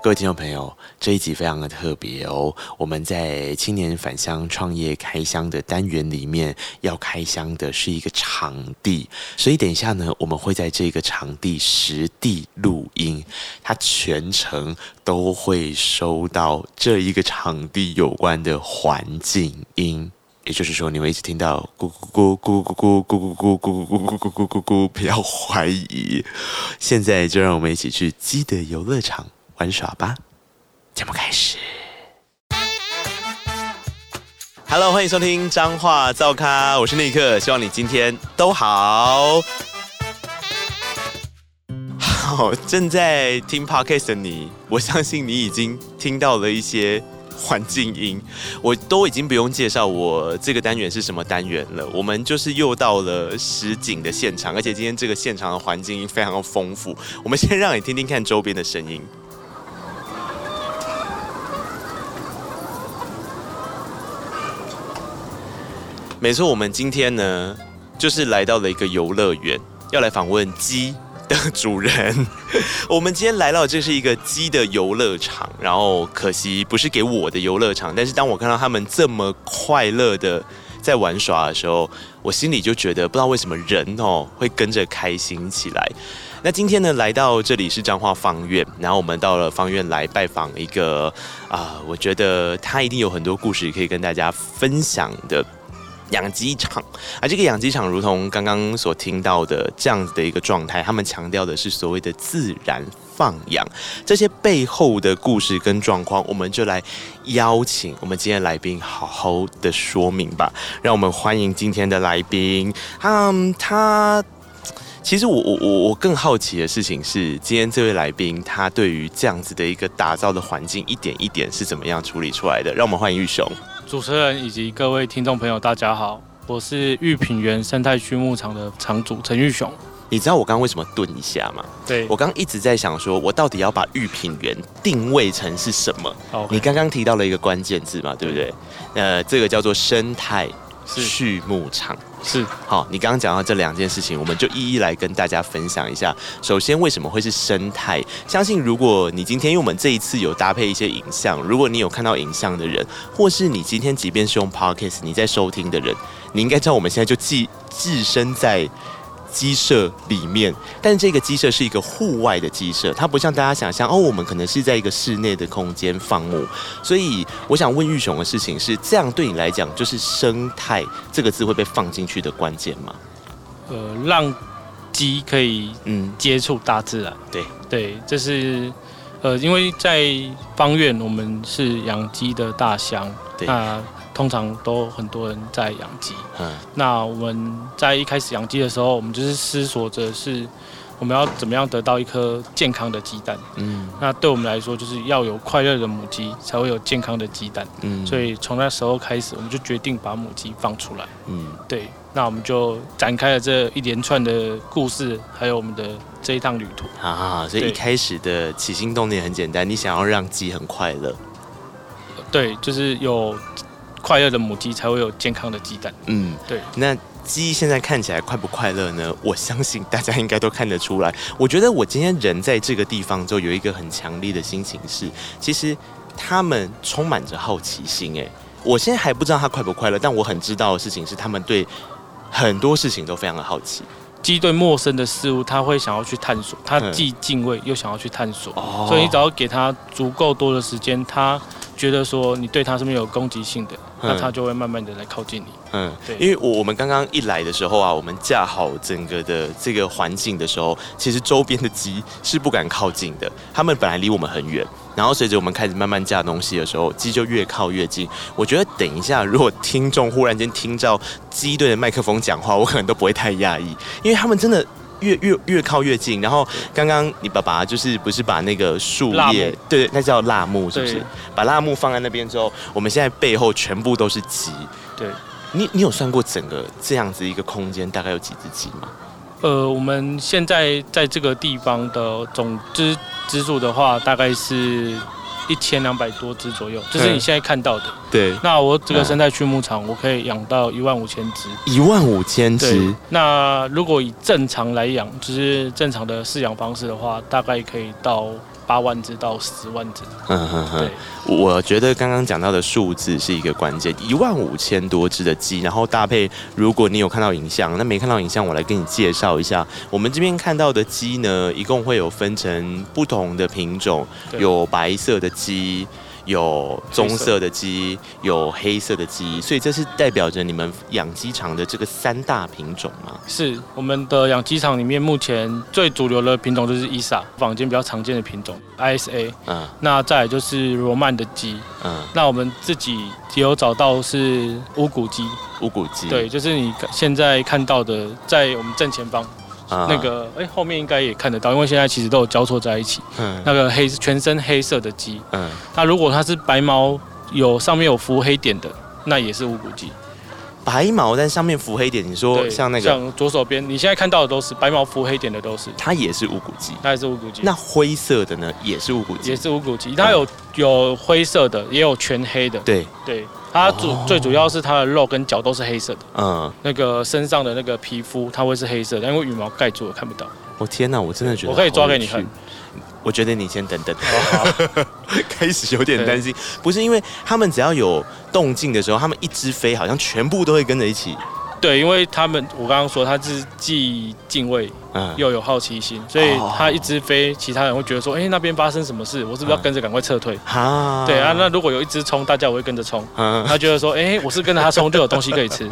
各位聽眾朋友，這一集非常的特別哦！我們在青年返鄉創業開箱的單元裡面，要開箱的是一個場地，所以等一下呢，我們會在這個場地實地錄音，它全程都會收到這一個場地有關的環境音，也就是說，你會一直聽到咕咕咕咕咕咕咕咕咕咕咕咕咕咕咕咕咕咕，不要懷疑。現在就讓我們一起去雞的遊樂場。玩耍吧，節目開始。Hello，歡迎收聽《彰話噪咖》，我是尼克，希望你今天都好。好，正在聽 Podcast 的你，我相信你已經聽到了一些環境音。我都已經不用介紹我這個單元是什麼單元了，我們就是又到了實景的現場，而且今天這個現場的環境音非常豐富。我們先讓你聽聽看周邊的聲音。沒錯，我們今天呢，就是來到了一個遊樂園，要來訪問雞的主人。 我們今天來到這是一個雞的遊樂場，然後可惜不是給我的遊樂場。但是當我看到他們這麼快樂的在玩耍的時候，我心裡就覺得不知道為什麼人哦會跟着開心起來。那今天呢，來到這裡是彰化芳苑，然後我們到了芳苑來拜訪一個啊、呃，我覺得他一定有很多故事可以跟大家分享的。養雞場，而、啊、這個養雞場如同剛剛所聽到的這樣子的一個狀態，他們強調的是所謂的自然放養，這些背後的故事跟狀況，我們就來邀請我們今天的來賓好好的說明吧！讓我們歡迎今天的來賓。他、嗯、他，其實我我我我更好奇的事情是，今天這位來賓他對於這樣子的一個打造的環境，一點一點是怎麼樣處理出來的？讓我們歡迎郁雄。主持人以及各位聽眾朋友，大家好，我是御品園生態畜牧場的場主陳郁雄。你知道我剛剛為什麼頓一下嗎？對，我剛剛一直在想，說我到底要把御品園定位成是什麼？Okay. 你剛剛提到了一個關鍵字嘛，對不對？呃，這個叫做生態。畜牧場是，是好，你剛剛講到這兩件事情，我們就一一來跟大家分享一下。首先，為什麼會是生態？相信如果你今天，因為我們這一次有搭配一些影像，如果你有看到影像的人，或是你今天即便是用 Podcast 你在收聽的人，你應該知道我們現在就寄置身在。雞舍裡面，但是這個雞舍是一個戶外的雞舍，它不像大家想象哦，我們可能是在一個室內的空間放牧。所以我想問郁雄的事情是這樣，對你來講就是“生態”這個字會被放進去的關鍵嗎？呃，讓雞可以嗯接觸大自然，對、嗯、對，這、就是呃，因為在方院我們是養雞的大鄉，對那通常都很多人在養雞，嗯，那我們在一開始養雞的時候，我們就是思索着是，我們要怎麼樣得到一顆健康的雞蛋，嗯，那對我們來說就是要有快樂的母雞才會有健康的雞蛋，嗯，所以從那時候開始，我們就決定把母雞放出來，嗯，對，那我們就展開了這一連串的故事，還有我們的這一趟旅途啊，所以一開始的起心動念很簡單，對你想要讓雞很快樂，對，就是有。快樂的母雞才會有健康的雞蛋。嗯，對。那雞現在看起來快不快樂呢？我相信大家應該都看得出來。我覺得我今天人在這個地方就有一個很強烈的心情是，其實他們充滿着好奇心。哎，我現在還不知道他快不快樂，但我很知道的事情是，他們對很多事情都非常的好奇。雞對陌生的事物，他會想要去探索，它既敬畏又想要去探索。嗯、所以你只要給它足夠多的時間，它。覺得說你對他是沒有攻擊性的，嗯，那他就會慢慢的來靠近你。嗯，對，因為我我們剛剛一來的時候啊，我們架好整個的這個環境的時候，其實周邊的雞是不敢靠近的。他們本來離我們很遠，然後隨着我們開始慢慢架東西的時候，雞就越靠越近。我覺得等一下，如果聽眾忽然間聽到雞對着麥克風講話，我可能都不會太訝異，因為他們真的。越越越靠越近，然後剛剛你爸爸就是不是把那個樹葉，辣木對，那叫辣木是不是？對把辣木放在那邊之後，我們現在背後全部都是雞。對，你你有算過整個這樣子一個空間大概有幾只雞嗎？呃，我們現在在這個地方的總隻隻數的話，大概是。一千兩百多隻左右，就是你現在看到的。嗯、對，那我這個生態畜牧場，嗯、我可以養到一萬五千隻。一萬五千隻。那如果以正常來養，就是正常的飼養方式的話，大概可以到。八萬只到十萬只。嗯哼哼，我覺得剛剛講到的數字是一個關鍵，一萬五千多只的雞，然後搭配，如果你有看到影像，那沒看到影像，我來跟你介紹一下，我們這邊看到的雞呢，一共會有分成不同的品種，有白色的雞。有棕色的雞，黑色，有黑色的雞，所以這是代表着你們養雞場的這個三大品種嗎？是我們的養雞場裡面目前最主流的品種就是 ISA 坊間比較常見的品種 ISA，嗯，那再來就是羅曼的雞，嗯，那我們自己只有找到是烏骨雞，烏骨雞，對，就是你現在看到的，在我們正前方。那個，哎、欸，後面應該也看得到，因為現在其實都有交錯在一起。嗯、那個黑全身黑色的雞，嗯、它那如果它是白毛有，有上面有浮黑點的，那也是烏骨雞。白毛在上面浮黑點，你說像那個？對，像左手邊，你現在看到的都是白毛浮黑點的，都是。它也是烏骨雞，它也是烏骨雞。那灰色的呢？也是烏骨雞，也是烏骨雞。它有、嗯、有灰色的，也有全黑的。對對，它主、哦、最主要是它的肉跟腳都是黑色的。嗯，那個身上的那個皮膚它會是黑色的。因為羽毛蓋住了，看不到。我天哪、啊，我真的覺得我可以抓給你看。我覺得你先等等， 開始有點擔心，對不是因為他們只要有動靜的時候，他們一隻飛，好像全部都會跟着一起。對，因為他們我剛剛說他是既敬畏、嗯、又有好奇心，所以他一隻飛，哦、其他人會覺得說，哎、哦欸，那邊發生什麼事，我是不是要跟着趕快撤退？哦、對啊，那如果有一隻衝，大家我會跟着衝。哦、他覺得說，哎、欸，我是跟着他衝、嗯、就有東西可以吃。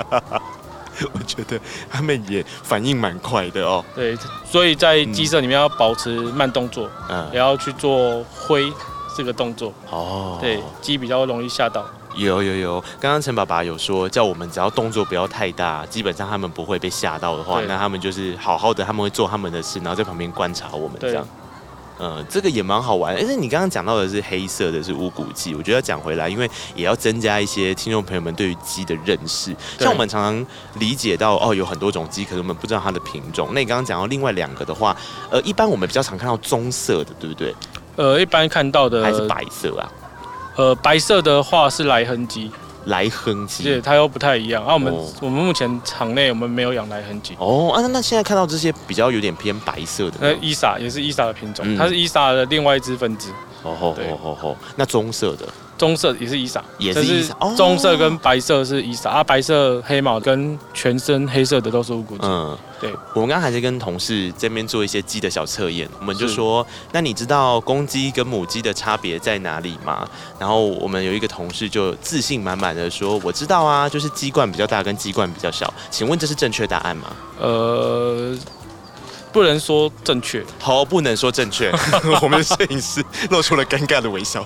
我覺得他們也反應蠻快的哦、喔。對，所以在雞舍裡面要保持慢動作，嗯，然後去做揮這個動作哦。嗯、對，雞比較容易嚇到。有有有，剛剛陳爸爸有說，叫我們只要動作不要太大，基本上他們不會被嚇到的話，對那他們就是好好的，他們會做他們的事，然後在旁邊觀察我們這樣。呃，這個也蠻好玩，而且你剛剛講到的是黑色的，是烏骨雞。我覺得要講回來，因為也要增加一些聽眾朋友們對於雞的認識。對像我們常常理解到，哦，有很多種雞，可是我們不知道它的品種。那你剛剛講到另外兩個的話，呃，一般我們比較常看到棕色的，對不對？呃，一般看到的還是白色啊？呃，白色的話是萊亨雞。萊亨雞，而且它又不太一樣啊。我們、哦、我們目前場內我們沒有養萊亨雞。哦啊。那那現在看到這些比較有點偏白色的，那伊莎也是伊莎的品種，嗯、它是伊莎的另外一支分支。哦吼對、哦哦、那棕色的，棕色也是伊莎，也是，A，是棕色跟白色是伊莎、哦、啊，白色黑毛跟全身黑色的都是烏骨雞。嗯。對我們剛才還在跟同事這邊做一些雞的小測驗，我們就說，是那你知道公雞跟母雞的差別在哪裡嗎？然後我們有一個同事就自信滿滿的說，我知道啊，就是雞冠比較大跟雞冠比較小，請問這是正確答案嗎？呃。不能說正確，好，不能說正確。我們的攝影師露出了尷尬的微笑。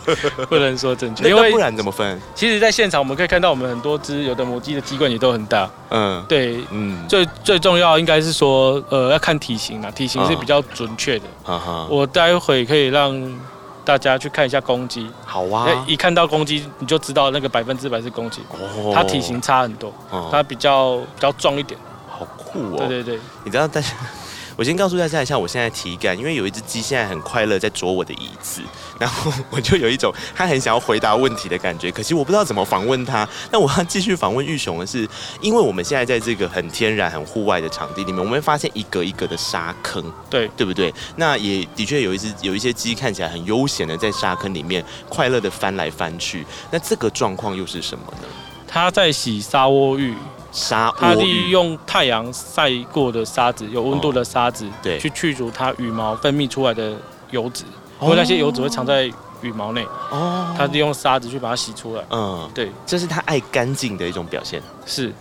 不能說正確，因為不然怎麼分？其實，在現場我們可以看到，我們很多只有的母雞的雞冠也都很大。嗯，對，嗯，最最重要應該是說，呃，要看體型嘛。體型是比較準確的。我待會可以讓大家去看一下公雞。好啊，一看到公雞你就知道那個百分之百是公雞。哦，它體型差很多，它比較比較壯一點。好酷哦！對對對，你知道。但是我先告訴大家一下，我現在體感，因為有一只雞現在很快樂在啄我的椅子，然後我就有一種它很想要回答問題的感覺，可惜我不知道怎麼訪問它。那我要繼續訪問郁雄的是，因為我們現在在這個很天然、很戶外的場地裡面，我們發現一個一個的沙坑，對，對不對？那也的確有一只有一些雞看起來很悠閒的在沙坑裡面快樂的翻來翻去。那這個狀況又是什麼呢？它在洗沙窩浴。沙，它利用太陽曬過的沙子，有溫度的沙子，嗯、對，去去除它羽毛分泌出來的油脂，哦、因為那些油脂會藏在羽毛內。哦，它利用沙子去把它洗出來。嗯，對，這是它愛乾淨的一種表現。是，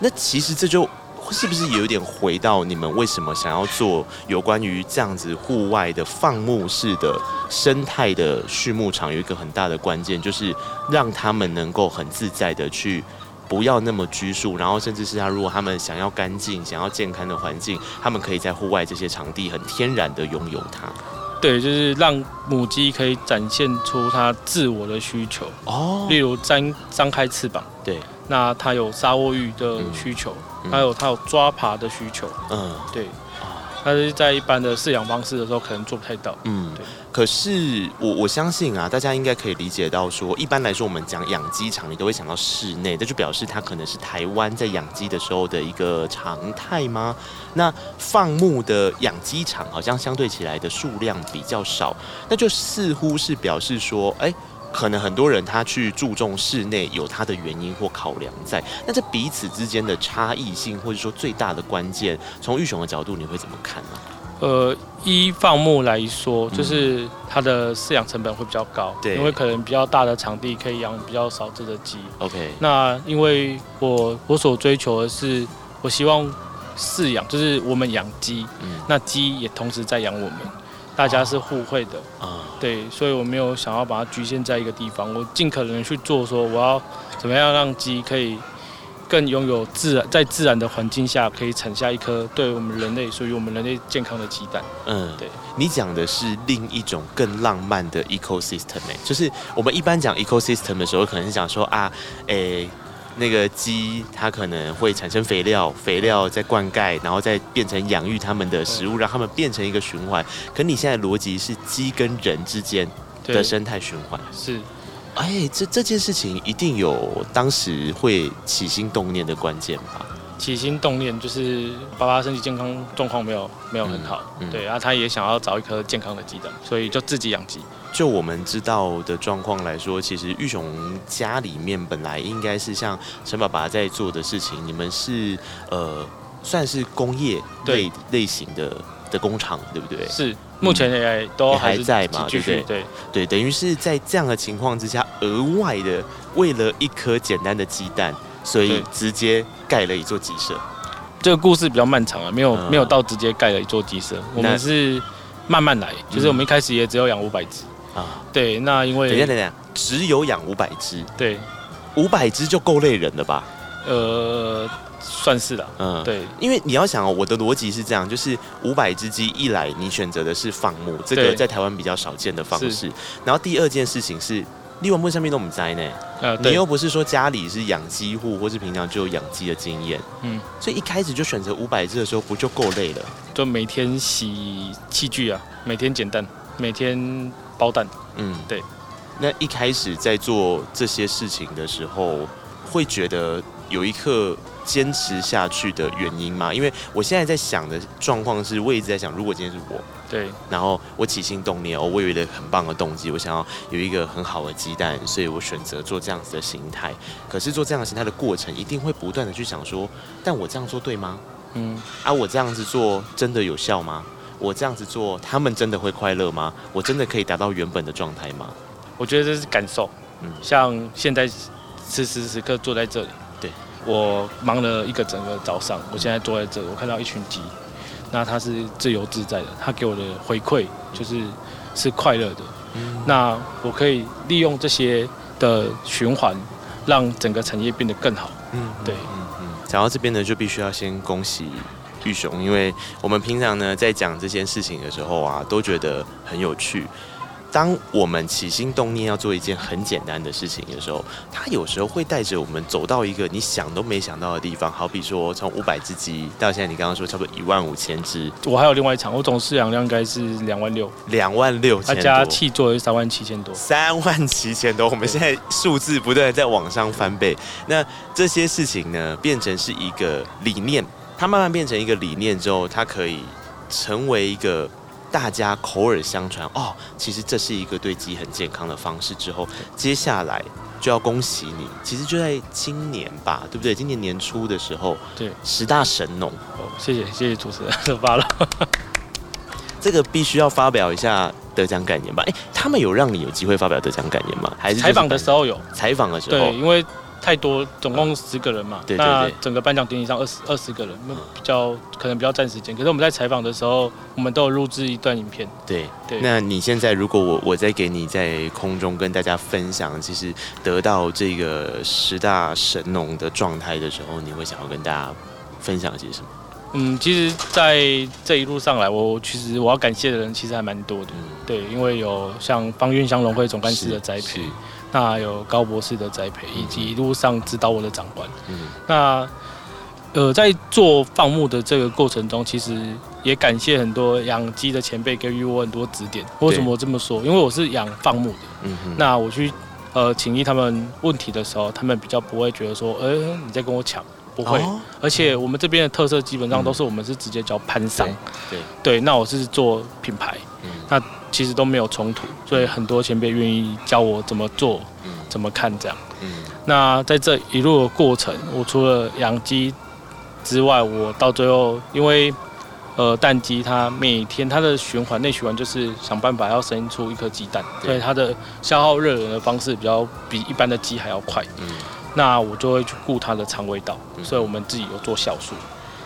那其實這就是不是有一點回到你們為什麼想要做有關於這樣子戶外的放牧式的生態的畜牧場？有一個很大的關鍵，就是讓他們能夠很自在的去。不要那麼拘束，然後甚至是他，如果他們想要乾淨、想要健康的環境，他們可以在戶外這些場地很天然地擁有它。對，就是讓母雞可以展現出它自我的需求。哦，例如張張開翅膀。對，那它有沙窩浴的需求，還、嗯、有它有抓爬的需求。嗯，對，它是在一般的飼養方式的時候可能做不太到。嗯，對。可是我我相信啊，大家應該可以理解到說，說一般來說我們講養雞場，你都會想到室內，這就表示它可能是台灣在養雞的時候的一個常態嗎？那放牧的養雞場好像相對起來的數量比較少，那就似乎是表示說，哎，可能很多人他去注重室內有他的原因或考量在，那這彼此之間的差異性或者說最大的關鍵，從郁雄的角度你會怎麼看呢、啊？呃，一放牧來說，就是它的飼養成本會比較高，嗯、對，因為可能比較大的場地可以養比較少只的雞。OK，那因為我我所追求的是，我希望飼養就是我們養雞，嗯、那雞也同時在養我們，大家是互惠的啊。Oh. Oh. 對，所以我沒有想要把它局限在一個地方，我盡可能去做，說我要怎麼樣讓雞可以。更擁有自然，在自然的環境下，可以產下一顆，對我們人類屬於我們人類健康的雞蛋。嗯，對，你講的是另一種更浪漫的 ecosystem，欸、就是我們一般講 ecosystem 的時候，可能是講說啊，誒、欸，那個雞它可能會產生肥料，肥料再灌溉，然後再變成養育它們的食物，嗯、讓它們變成一個循環。可你現在邏輯是雞跟人之間的生態循環是。哎、欸，這這件事情一定有當時會起心動念的關鍵吧？起心動念就是爸爸身體健康狀況沒有沒有很好，嗯嗯、對啊，他也想要找一顆健康的雞蛋，所以就自己養雞。就我們知道的狀況來說，其實郁雄家裡面本來應該是像陳爸爸在做的事情，你們是呃算是工業類對類型的的工廠，對不對？是。目前也都還、嗯欸、還在嘛，就是對，對，對，對？對，對，等於是在這樣的情況之下，額外的為了一顆簡單的雞蛋，所以直接蓋了一座雞舍。這個故事比較漫長啊，沒有、啊、沒有到直接蓋了一座雞舍，那我們是慢慢來。就是我們一開始也只有養五百隻啊。對，那因為等一下等一下，只有養五百隻，對，五百隻就夠累人的吧？呃。算是了，嗯，對，因為你要想哦、喔，我的邏輯是這樣，就是五百只雞一來，你選擇的是放牧，這個在台灣比較少見的方式。然後第二件事情是，立文牧上面都沒栽呢，呃，你又不是說家裡是養雞戶，或是平常就有養雞的經驗，嗯，所以一開始就選擇五百只的時候，不就夠累了？就每天洗器具啊，每天撿蛋，每天包蛋，嗯，對。那一開始在做這些事情的時候，會覺得有一刻。堅持下去的原因嗎？因為我現在在想的狀況是，我一直在想，如果今天是我，對，然後我起心動念，哦，我為了很棒的動機，我想要有一個很好的雞蛋，所以我選擇做這樣子的形態。可是做這樣的形態的過程，一定會不斷的去想說，但我這樣做對嗎？嗯，啊，我這樣子做真的有效嗎？我這樣子做，他們真的會快樂嗎？我真的可以達到原本的狀態嗎？我覺得這是感受。嗯，像現在此時此刻坐在這裡。我忙了一個整個早上，我現在坐在這，我看到一群雞，那它是自由自在的，它給我的回饋就是是快樂的，嗯、那我可以利用這些的循環，讓整個產業變得更好。嗯，對。嗯嗯，講、嗯嗯、到這邊呢，就必須要先恭喜郁雄，因為我們平常呢在講這件事情的時候啊，都覺得很有趣。當我們起心動念要做一件很簡單的事情的時候，它有時候會帶着我們走到一個你想都沒想到的地方。好比說500，從五百隻雞到現在，你剛剛說差不多一萬五千隻。我還有另外一場，我總飼養量應該是兩萬六、嗯。兩、啊、萬六，再加起做的是三萬七千多。三萬七千多，我們現在數字不斷在往上翻倍。對那這些事情呢，變成是一個理念，它慢慢變成一個理念之後，它可以成為一個。大家口耳相傳哦，其實這是一個對雞很健康的方式。之後，接下來就要恭喜你，其實就在今年吧，對不對？今年年初的時候，對十大神農哦，謝謝謝謝主持人發了， 這個必須要發表一下得獎感言吧？哎、欸，他們有讓你有機會發表得獎感言嗎？還是採訪的時候有？採訪的時候對，因為。太多，總共十個人嘛。對對，對那整個頒獎典禮上二十二十個人，比較、嗯、可能比較占時間。可是我們在採訪的時候，我們都有錄製一段影片。對對。對那你現在如果我我在給你在空中跟大家分享，其實得到這個十大神農的狀態的時候，你會想要跟大家分享些什麼？嗯，其實，在這一路上來，我其實我要感謝的人其實還蠻多的。嗯、對，因為有像芳苑鄉農會總幹事的栽培。那有高博士的栽培，以及一路上指導我的長官。嗯哼，那呃，在做放牧的這個過程中，其實也感謝很多養雞的前輩給予我很多指點。對為什麼我這麼說？因為我是養放牧的。嗯哼，那我去呃，請益他們問題的時候，他們比較不會覺得說，哎、呃，你在跟我搶，不會。哦、而且我們這邊的特色，基本上都是我們是直接叫盤商、嗯。對對，那我是做品牌。嗯，那。其實都沒有衝突，所以很多前輩願意教我怎麼做，嗯、怎麼看這樣。嗯、那在這一路的過程，我除了養雞之外，我到最後因為呃蛋雞它每天它的循環內循環就是想辦法要生出一顆雞蛋，對所以它的消耗熱能的方式比較比一般的雞還要快。嗯、那我就會去顧它的腸胃道，嗯、所以我們自己有做酵素。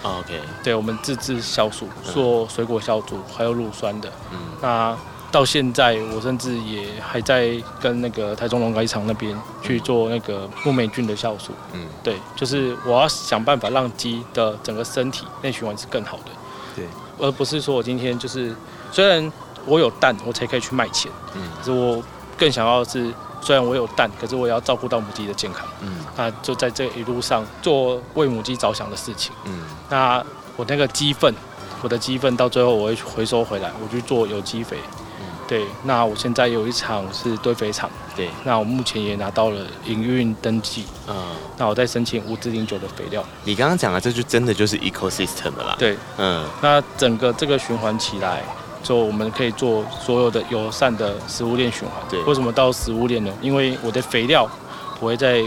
啊、OK，對我們自製酵素，做水果酵素還有乳酸的。嗯、那到現在，我甚至也還在跟那個台中龍嘉農場那邊去做那個木霉菌的酵素。嗯，對，就是我要想辦法讓雞的整個身體內循環是更好的。對，而不是說我今天就是雖然我有蛋，我才可以去賣錢。嗯，可是我更想要的是雖然我有蛋，可是我也要照顧到母雞的健康。嗯，那就在這一路上做為母雞着想的事情。嗯，那我那個雞糞，我的雞糞到最後我會回收回來，我去做有機肥。對，那我現在有一場是堆肥場。對，那我目前也拿到了營運登記。嗯，那我再申請五四零九的肥料。你剛剛講的，這就真的就是 ecosystem 了啦。對，嗯，那整個這個循環起來，就我們可以做所有的友善的食物鏈循環。對，為什麼到食物鏈呢？因為我的肥料不會再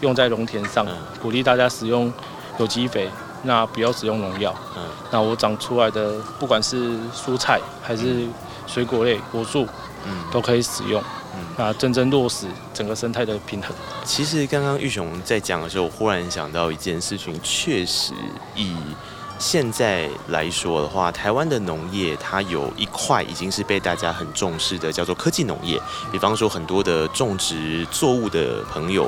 用在農田上，嗯、鼓勵大家使用有機肥，那不要使用農藥。嗯，那我長出來的，不管是蔬菜還是、嗯。水果類果樹，嗯，都可以使用，嗯，那真正落實整個生態的平衡。其實剛剛郁雄在講的時候，我忽然想到一件事情，確實以。現在來說的話，台灣的農業它有一塊已經是被大家很重視的，叫做科技農業。比方說，很多的種植作物的朋友、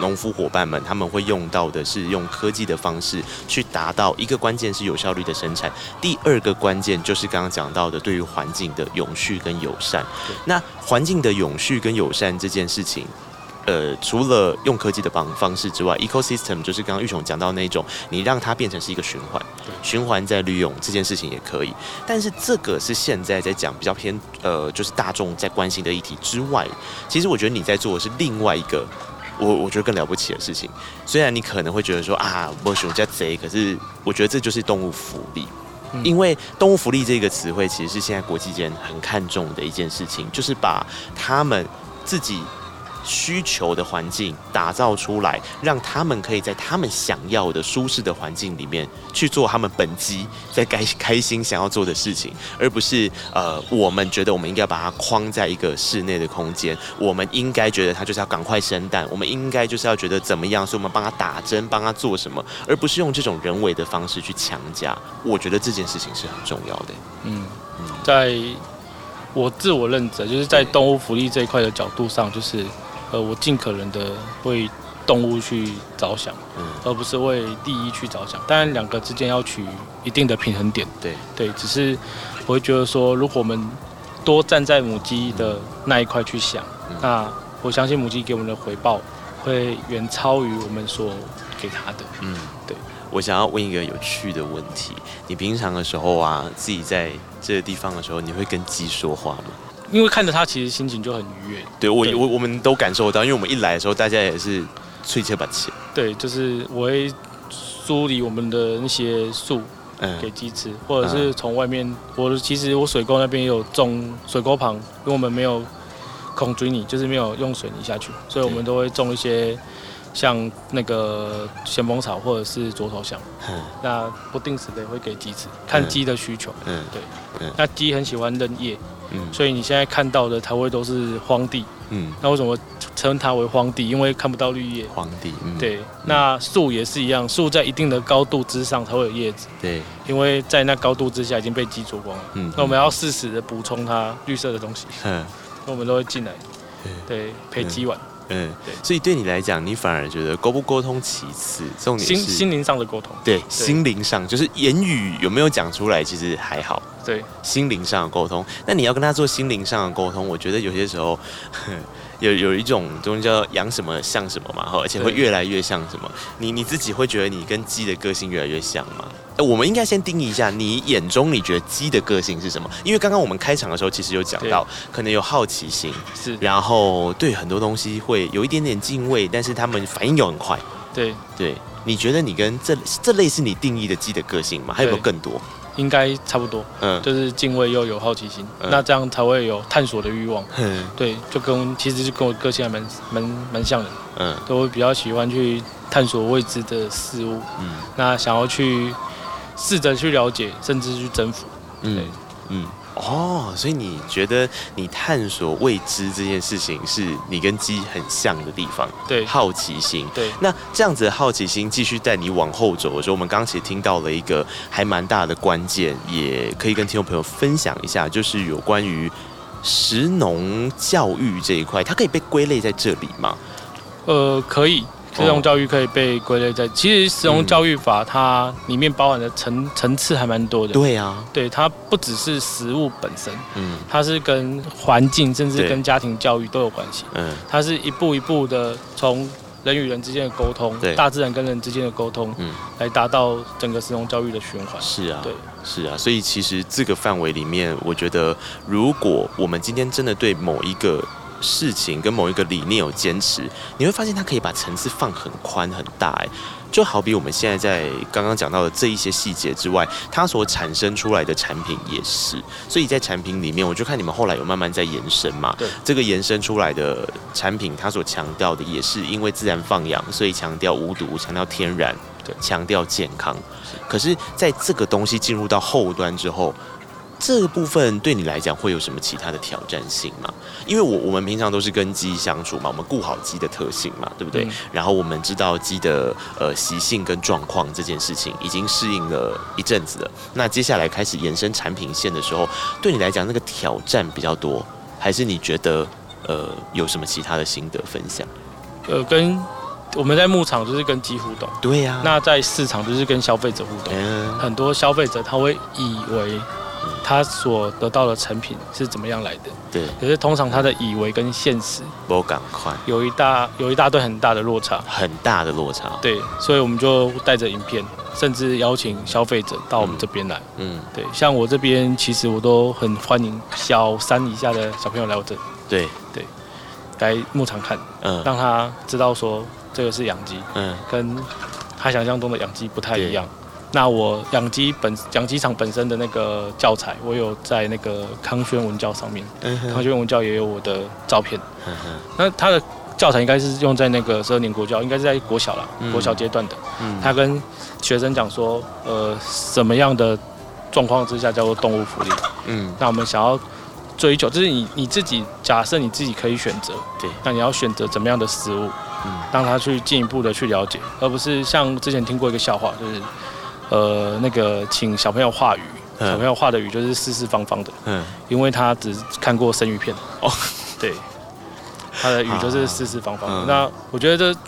農夫夥伴們，他們會用到的是用科技的方式去達到一個關鍵是有效率的生產，第二個關鍵就是剛剛講到的對於環境的永續跟友善。對那環境的永續跟友善這件事情。呃，除了用科技的方方式之外，ecosystem 就是剛剛郁雄講到的那種，你讓它變成是一個循環，循環再利用這件事情也可以。但是這個是現在在講比較偏呃，就是大眾在關心的議題之外，其實我覺得你在做的是另外一個，我我覺得更了不起的事情。雖然你可能會覺得說啊，莫熊家賊，可是我覺得這就是動物福利，因為動物福利這個詞彙其實是現在國際間很看重的一件事情，就是把他們自己。需求的環境打造出來，讓他們可以在他們想要的舒適的環境裡面去做他們本雞在該開心想要做的事情，而不是呃，我們覺得我們應該把它框在一個室內的空間，我們應該覺得它就是要趕快生蛋，我們應該就是要覺得怎麼樣，所以我們幫它打針，幫它做什麼，而不是用這種人為的方式去強加。我覺得這件事情是很重要的。嗯，嗯，在我自我認知，就是在動物福利這一塊的角度上，就是。呃，我盡可能的為動物去着想，嗯，而不是為利益去着想。當然，兩個之間要取一定的平衡點。對對，只是我會覺得說，如果我們多站在母雞的那一塊去想，嗯，那我相信母雞給我們的回報會遠超於我們所給它的。嗯，對。我想要問一個有趣的問題：你平常的時候啊，自己在這個地方的時候，你會跟雞說話嗎？因為看着他，其實，心情就很愉悅。對，對我，我我們都感受到，因為我們一來的時候，大家也是催切把子。對，就是我會梳理我們的那些樹、嗯、給雞吃，或者是從外面，嗯、我其實我水溝那邊也有種水溝旁，因為我們沒有控固力，就是沒有用水泥下去，所以我們都會種一些。像那個鹹豐草或者是左手香，那不定時的會給雞吃，看雞的需求。嗯，對。那雞很喜歡嫩葉。嗯。所以你現在看到的它會都是荒地。嗯。那為什麼稱它為荒地？因為看不到綠葉。荒地。對。那樹也是一樣，樹在一定的高度之上才會有葉子。對。因為在那高度之下已經被雞啄光了。那我們要適時的補充它綠色的東西。嗯。那我們都會進來。對，陪雞玩。嗯，對所以對你來講，你反而覺得溝不溝通其次，重點是心，心靈上的溝通。對，對心靈上就是言語有沒有講出來，其實還好。對，心靈上的溝通，那你要跟他做心靈上的溝通，我覺得有些時候。有有一種東西叫養什麼像什麼嘛哈，而且會越來越像什麼？對你你自己會覺得你跟雞的個性越來越像嗎？呃，我們應該先定義一下你眼中你覺得雞的個性是什麼？因為剛剛我們開場的時候其實有講到，對可能有好奇心，是，然後對很多東西會有一點點敬畏，但是他們反應又很快，對對。你覺得你跟這這類似你定義的雞的個性嗎？還有沒有更多？應該差不多，嗯、就是敬畏又有好奇心，嗯、那這樣才會有探索的慾望，嘿對，就跟其實就跟我個性還蠻蠻蠻像的，嗯，都會比較喜歡去探索未知的事物，嗯，那想要去試着去了解，甚至去征服，嗯嗯。嗯哦，oh, 所以你覺得你探索未知這件事情是你跟雞很像的地方？對，好奇心。對，那這樣子的好奇心繼續帶你往後走的時候，我們剛剛其實聽到了一個還蠻大的關鍵，也可以跟聽眾朋友分享一下，就是有關於食農教育這一塊，它可以被歸類在這裡嗎？呃，可以。食農教育可以被歸類在。其實食農教育法，它裡面包含的層層、嗯、次還蠻多的。對啊，對，它不只是食物本身，嗯，它是跟環境，甚至跟家庭教育都有關係。嗯對，它是一步一步的從人與人之間的溝通，對，大自然跟人之間的溝通，嗯，來達到整個食農教育的循環。是啊，對，是啊，所以其實這個範圍裡面，我覺得如果我們今天真的對某一個事情跟某一個理念有堅持，你會發現它可以把層次放很寬很大，哎，就好比我們現在在剛剛講到的這一些細節之外，它所產生出來的產品也是。所以在產品裡面，我就看你們後來有慢慢在延伸嘛，對，這個延伸出來的產品，它所強調的也是因為自然放養，所以強調無毒，強調天然，對，強調健康。可是在這個東西進入到後端之後。這個部分對你來講會有什麼其他的挑戰性嗎？因為我我們平常都是跟雞相處嘛，我們顧好雞的特性嘛，對不對？嗯、然後我們知道雞的呃習性跟狀況這件事情已經適應了一陣子了。那接下來開始延伸產品線的時候，對你來講那個挑戰比較多，還是你覺得呃有什麼其他的心得分享？呃，跟我們在牧場就是跟雞互動，對呀、啊。那在市場就是跟消費者互動，嗯、很多消費者他會以為。嗯、他所得到的成品是怎麼樣來的？對。可是通常他的以為跟現實不同款，有一大有一大堆很大的落差，很大的落差、哦。對，所以我們就帶着影片，甚至邀請消費者到我們這邊來。嗯，對，像我這邊其實我都很歡迎小三以下的小朋友來我這裡。對對，來牧場看，嗯，讓他知道說這個是養雞，嗯，跟他想象中的養雞不太一樣。那我養雞本養雞場本身的那個教材，我有在那個康軒文教上面，康軒文教也有我的照片。那他的教材應該是用在那個十二年國教，應該是在國小了，國小階段的。嗯嗯，他跟學生講說，呃，什麼樣的狀況之下叫做動物福利？嗯，那我們想要追求，就是你你自己假設你自己可以選擇，對，那你要選擇怎麼樣的食物，嗯，讓他去進一步的去了解，而不是像之前聽過一個笑話，就是。呃，那個請小朋友畫魚，小朋友畫的魚就是四四方方的，嗯，嗯，因為他只看過生魚片，哦，對，他的魚就是四四方方的。啊，那我覺得這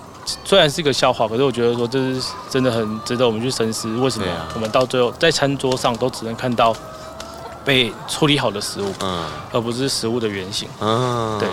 雖然是一個笑話，可是我覺得說，這是真的很值得我們去深思，為什麼我們到最後在餐桌上都只能看到。被處理好的食物，嗯，而不是食物的原型。嗯，對。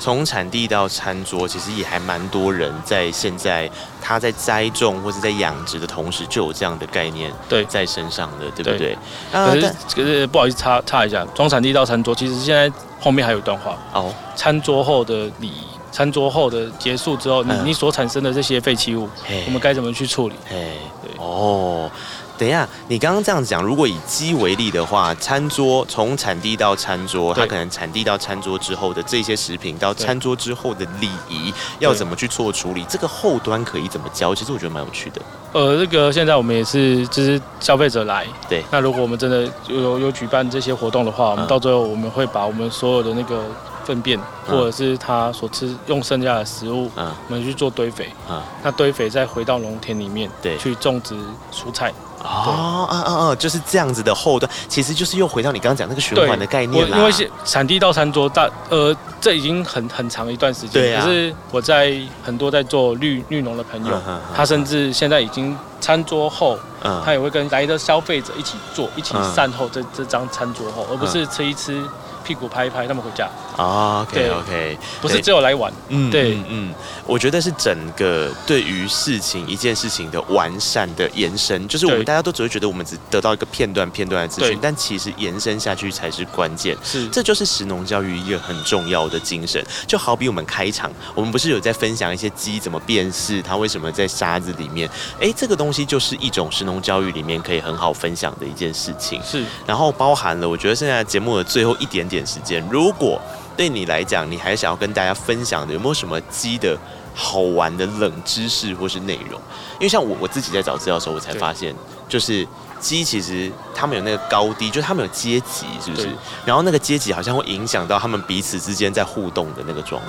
從產地到餐桌，其實也還蠻多人在現在他在栽種或者在養殖的同時就有這樣的概念，對，在身上的，對不對？可是可是不好意思插插一下，從產地到餐桌，其實現在後面還有一段話哦。餐桌後的禮，餐桌後的結束之後，你你所產生的這些廢棄物，我們該怎麼去處理？哎，對，哦。等一下，你剛剛這樣講，如果以雞為例的話，餐桌，從產地到餐桌，它對可能產地到餐桌之後的這些食品，到餐桌之後的禮儀對要怎麼去做處理？這個後端可以怎麼教？其實我覺得蠻有趣的。呃，這個現在我們也是就是消費者來，對。那如果我們真的有有舉辦這些活動的話，嗯、我們到最後我們會把我們所有的那個糞便，或者是它所吃、嗯、用剩下的食物，啊、嗯，我們去做堆肥，啊、嗯，那堆肥再回到農田裡面，對，去種植蔬菜。哦，對嗯嗯嗯，嗯，就是這樣子的後端，其實就是又回到你剛剛講那個循環的概念了，因為是產地到餐桌大，大呃，這已經很很長一段時間。啊、可是我在很多在做綠綠農的朋友，uh huh, uh huh. 他甚至現在已經餐桌後，uh huh. 他也會跟來的消費者一起做，一起善後這、uh huh. 這張餐桌後，而不是吃一吃。Uh huh. 屁股拍一拍，他們回家。Oh, OK OK，對不是只有來玩。對嗯，對、嗯，嗯，我覺得是整個對於事情一件事情的完善的延伸，就是我們大家都只會覺得我們只得到一個片段片段的資訊，對但其實延伸下去才是關鍵。是，這就是食農教育一個很重要的精神。就好比我們開場，我們不是有在分享一些雞怎麼辨識它為什麼在沙子裡面？哎、欸，這個東西就是一種食農教育裡面可以很好分享的一件事情。是，然後包含了我覺得現在節目的最後一點點時間，如果對你來講，你還想要跟大家分享的，有沒有什麼雞的好玩的冷知識或是內容？因為像我我自己在找資料的時候，我才發現，就是雞其實他們有那個高低，就是他們有階級，是不是？對然後那個階級好像會影響到他們彼此之間在互動的那個狀況。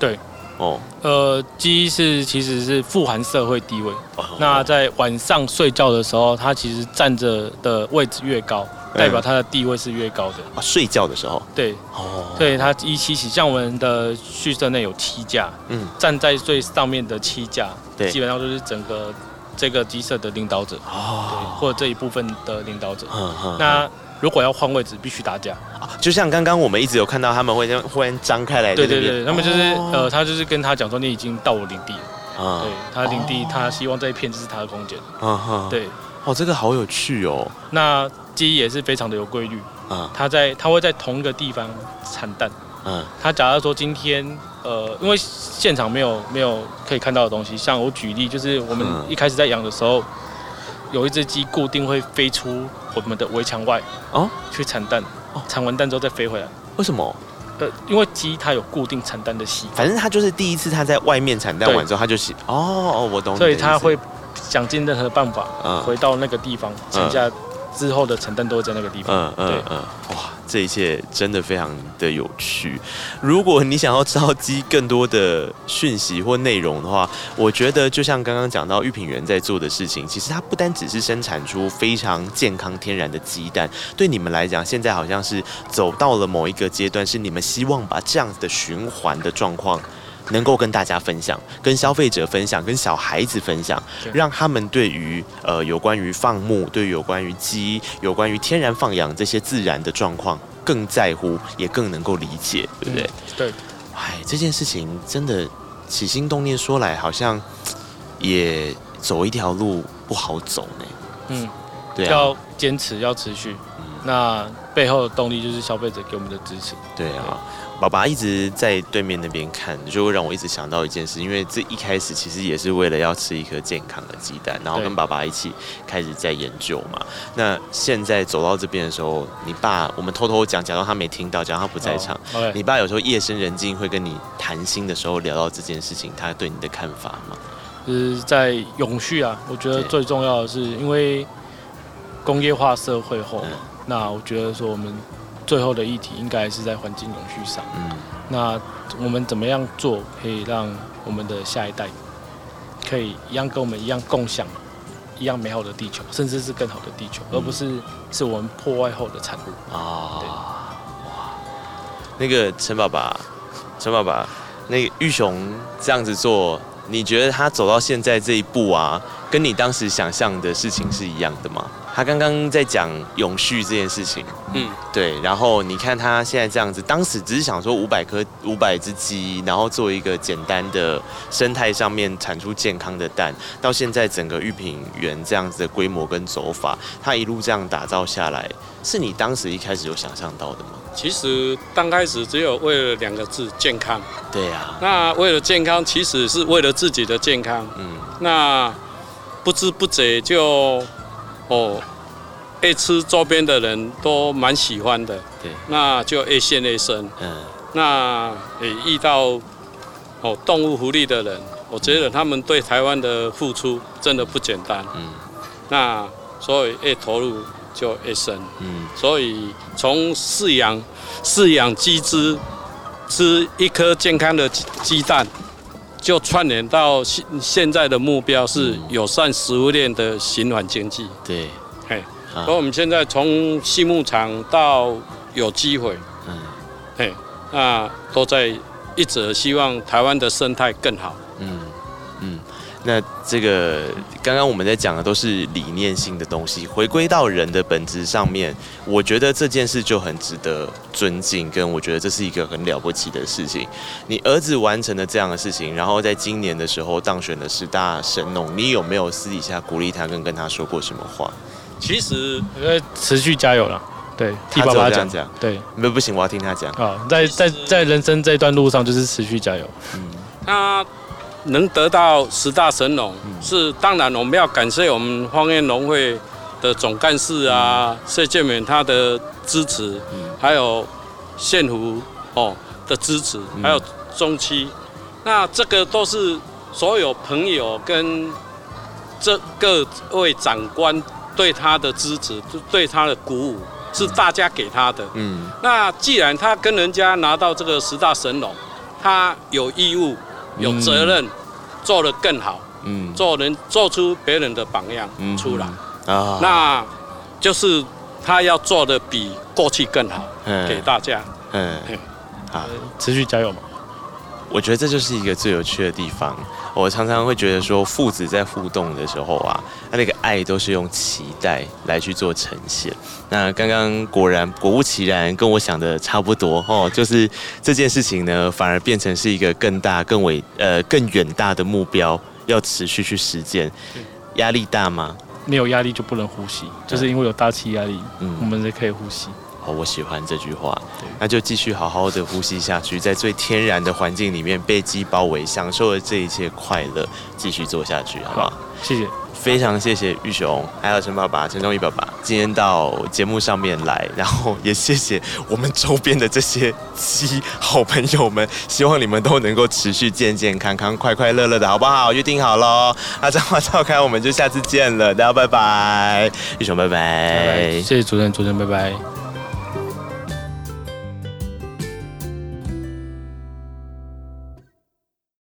對，哦，呃，雞是其實是富含社會地位。哦、那在晚上睡覺的時候，它其實站着的位置越高。代表他的地位是越高的啊，睡覺的時候對哦，對他一七起，像我們的畜舍內有七架，嗯，站在最上面的七架，基本上就是整個這個雞舍的領導者哦，對，或者這一部分的領導者。那如果要換位置，必須打架啊，就像剛剛我們一直有看到他們會忽然張開來，對對對，他們就是呃，他就是跟他講說，你已經到我領地了啊，對，他領地，他希望這一片就是他的空間，哈哈，對。哦，這個好有趣哦。那雞也是非常的有規律啊。嗯、它在，它會在同一個地方產蛋。嗯。它假如說今天，呃，因為現場沒有沒有可以看到的東西，像我舉例，就是我們一開始在養的時候，嗯、有一隻雞固定會飛出我們的圍牆外哦，去產蛋。哦。產完蛋之後再飛回來。為什麼？呃、因為雞它有固定產蛋的習慣。反正它就是第一次它在外面產蛋完之後，它就洗對哦，我懂。所以它會。想盡任何辦法，回到那個地方。剩、嗯嗯、下之後的承擔都在那個地方。嗯嗯嗯。嗯對哇，這一切真的非常的有趣。如果你想要知道雞更多的訊息或內容的話，我覺得就像剛剛講到御品園在做的事情，其實它不單只是生產出非常健康天然的雞蛋。對你們來講，現在好像是走到了某一個階段，是你們希望把這樣的循環的狀況。能夠跟大家分享，跟消費者分享，跟小孩子分享，對讓他們對於呃有關於放牧，對於有關於雞，有關於天然放養這些自然的狀況更在乎，也更能夠理解，對不對？嗯、對。唉，這件事情真的起心動念說來好像也走一條路不好走呢。嗯，對啊，要堅持，要持續。嗯、那背後的動力就是消費者給我們的支持。對啊。對爸爸一直在對面那邊看，就會讓我一直想到一件事，因為這一開始其實也是為了要吃一顆健康的雞蛋，然後跟爸爸一起開始在研究嘛。對那現在走到這邊的時候，你爸我們偷偷講，假裝他沒聽到，假裝他不在場。Oh, okay 你爸有時候夜深人靜會跟你談心的時候，聊到這件事情，他對你的看法嗎？就是在永續啊，我覺得最重要的是，因為工業化社會後，對那我覺得說，我們。最後的議題應該是在環境永續上。嗯，那我們怎麼樣做可以讓我們的下一代可以一樣跟我們一樣共享一樣美好的地球，甚至是更好的地球，嗯、而不是是我們破壞後的產物啊？哦、對哇，那個陳爸爸，陳爸爸，那個郁雄這樣子做，你覺得他走到現在這一步啊，跟你當時想象的事情是一樣的嗎？他剛剛在講永續這件事情，嗯，對，然後你看他現在這樣子，當時只是想說五百顆、五百隻雞，然後做一個簡單的生態上面產出健康的蛋，到現在整個御品園這樣子的規模跟走法，他一路這樣打造下來，是你當時一開始有想象到的嗎？其實剛開始只有為了兩個字健康，對呀、啊，那為了健康，其實是為了自己的健康，嗯，那不知不覺就。哦，越吃周邊的人都蠻喜歡的，對，那就越陷越深。嗯，那誒遇到哦動物福利的人，我覺得他們對台灣的付出真的不簡單。嗯，那所以越投入就越深。嗯，所以從飼養飼養雞隻，吃一顆健康的雞蛋。就串聯到現現在的目標是友善食物鏈的循環經濟，嗯。對，所以嘿、啊、我們現在從畜牧場到有機會，嗯那、啊、都在一直希望台灣的生態更好。嗯。那這個剛剛我們在講的都是理念性的東西，回歸到人的本質上面，我覺得這件事就很值得尊敬，跟我覺得這是一個很了不起的事情。你兒子完成了這樣的事情，然後在今年的時候當選了十大神農，你有沒有私底下鼓勵他跟跟他說過什麼話？其實，呃，持續加油了，對，他只有這樣講，對，不不行，我要聽他講。好，在在在人生這一段路上，就是持續加油。嗯，他。能得到十大神農，是當然我們要感謝我們芳苑農會的總幹事啊，謝、嗯、建勉他的支持，嗯、還有縣府哦的支持，嗯、還有中期，那這個都是所有朋友跟這各位長官對他的支持，對他的鼓舞是大家給他的。嗯，那既然他跟人家拿到這個十大神農，他有義務。有責任，做得更好，嗯，做人做出別人的榜樣出來，啊、嗯，哦、那，就是他要做的比過去更好，嘿給大家，嗯，好，持續加油嘛，我覺得這就是一個最有趣的地方。我常常會覺得說，父子在互動的時候啊，他那個愛都是用期待來去做呈現。那剛剛果然果不其然，跟我想的差不多哦，就是這件事情呢，反而變成是一個更大、更偉呃更遠大的目標，要持續去實踐。對壓力大嗎？沒有壓力就不能呼吸，就是因為有大氣壓力，對我們才可以呼吸。我喜歡這句話，那就繼續好好的呼吸下去，在最天然的環境裡面被雞包圍，享受着這一切快樂，繼續做下去，好不好？謝謝，非常謝謝郁雄，還有陳爸爸、陳忠義爸爸今天到節目上面來，然後也謝謝我們周邊的這些雞好朋友們，希望你們都能夠持續健健康康、快快樂樂的，好不好？約定好嘍，那彰話噪咖，我們就下次見了，大家拜拜，Okay. 郁雄拜拜，拜拜，謝謝主持人，主持人拜拜。